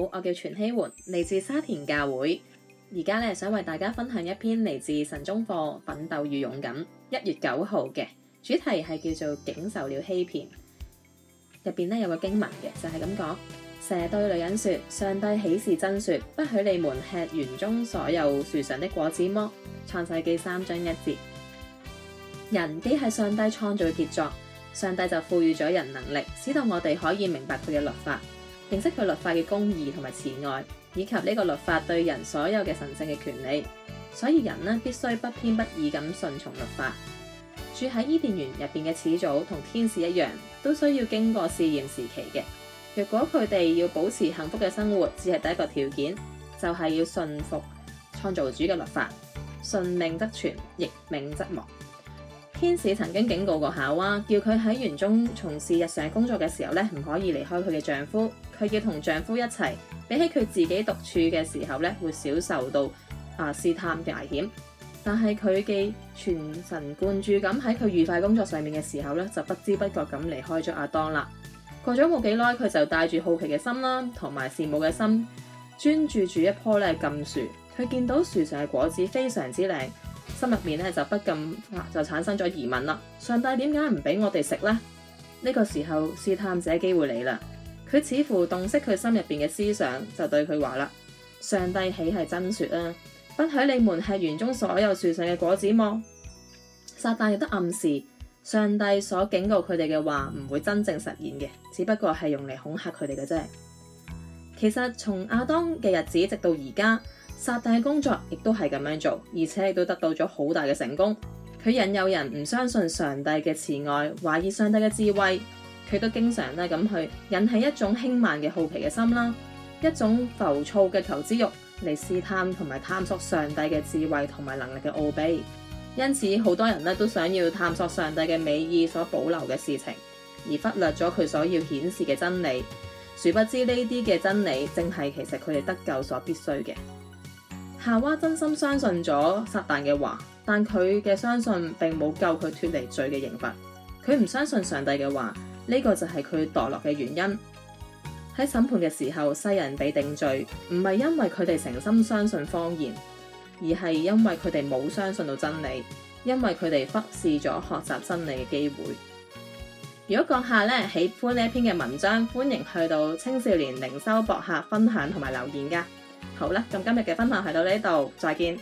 好，我叫全希煥，嚟自沙田教會。而家咧想為大家分享一篇嚟自神中課《奮鬥與勇敢》，一月九號嘅主題係叫做《竟受了欺騙》。入邊咧有個經文嘅就係咁講，蛇對女人說：上帝豈是真說，不許你們吃園中所有樹上的果子麼？創世記三章一節。人既係上帝創造嘅傑作，上帝就賦予咗人能力，使到我哋可以明白佢嘅律法。認識佢律法嘅公義同埋慈愛，以及呢個律法對人所有嘅神聖嘅權利，所以人呢必須不偏不倚咁順從律法。住喺伊甸園入邊嘅始祖同天使一樣，都需要經過試驗時期嘅。若果佢哋要保持幸福嘅生活，只係第一個條件就係、是、要信服創造主嘅律法，順命則存，逆命則亡。天使曾經警告過夏娃，叫佢喺園中從事日常工作嘅時候咧，唔可以離開佢嘅丈夫。佢要同丈夫一齊，比起佢自己獨處嘅時候咧，會少受到啊、呃、試探嘅危險。但係佢既全神貫注咁喺佢愉快工作上面嘅時候咧，就不知不覺咁離開咗阿當啦。過咗冇幾耐，佢就帶住好奇嘅心啦，同埋羨慕嘅心，專注住一棵呢禁樹。佢見到樹上嘅果子非常之靚。心入面咧就不禁、啊、就產生咗疑問啦，上帝點解唔俾我哋食呢？呢、呢個時候試探者機會嚟啦，佢似乎洞悉佢心入邊嘅思想，就對佢話啦：上帝豈係真說啊，不許你們吃園中所有樹上嘅果子麼？撒但亦都暗示上帝所警告佢哋嘅話唔會真正實現嘅，只不過係用嚟恐嚇佢哋嘅啫。其實從亞當嘅日子直到而家。撒但嘅工作亦都係咁樣做，而且都得到咗好大嘅成功。佢引誘人唔相信上帝嘅慈愛，懷疑上帝嘅智慧。佢都經常咧咁去引起一種輕慢嘅好奇嘅心啦，一種浮躁嘅求知欲嚟試探同埋探索上帝嘅智慧同埋能力嘅奧秘。因此，好多人咧都想要探索上帝嘅美意所保留嘅事情，而忽略咗佢所要顯示嘅真理。殊不知呢啲嘅真理正係其實佢哋得救所必須嘅。夏娃真心相信咗撒旦嘅話，但佢嘅相信並冇救佢脱離罪嘅刑罰。佢唔相信上帝嘅話，呢個就係佢墮落嘅原因。喺審判嘅時候，世人被定罪，唔係因為佢哋誠心相信謊言，而係因為佢哋冇相信到真理，因為佢哋忽視咗學習真理嘅機會。如果閣下咧喜歡呢一篇嘅文章，歡迎去到青少年靈修博客分享同埋留言噶。好啦，咁今日嘅分享係到呢度，再見。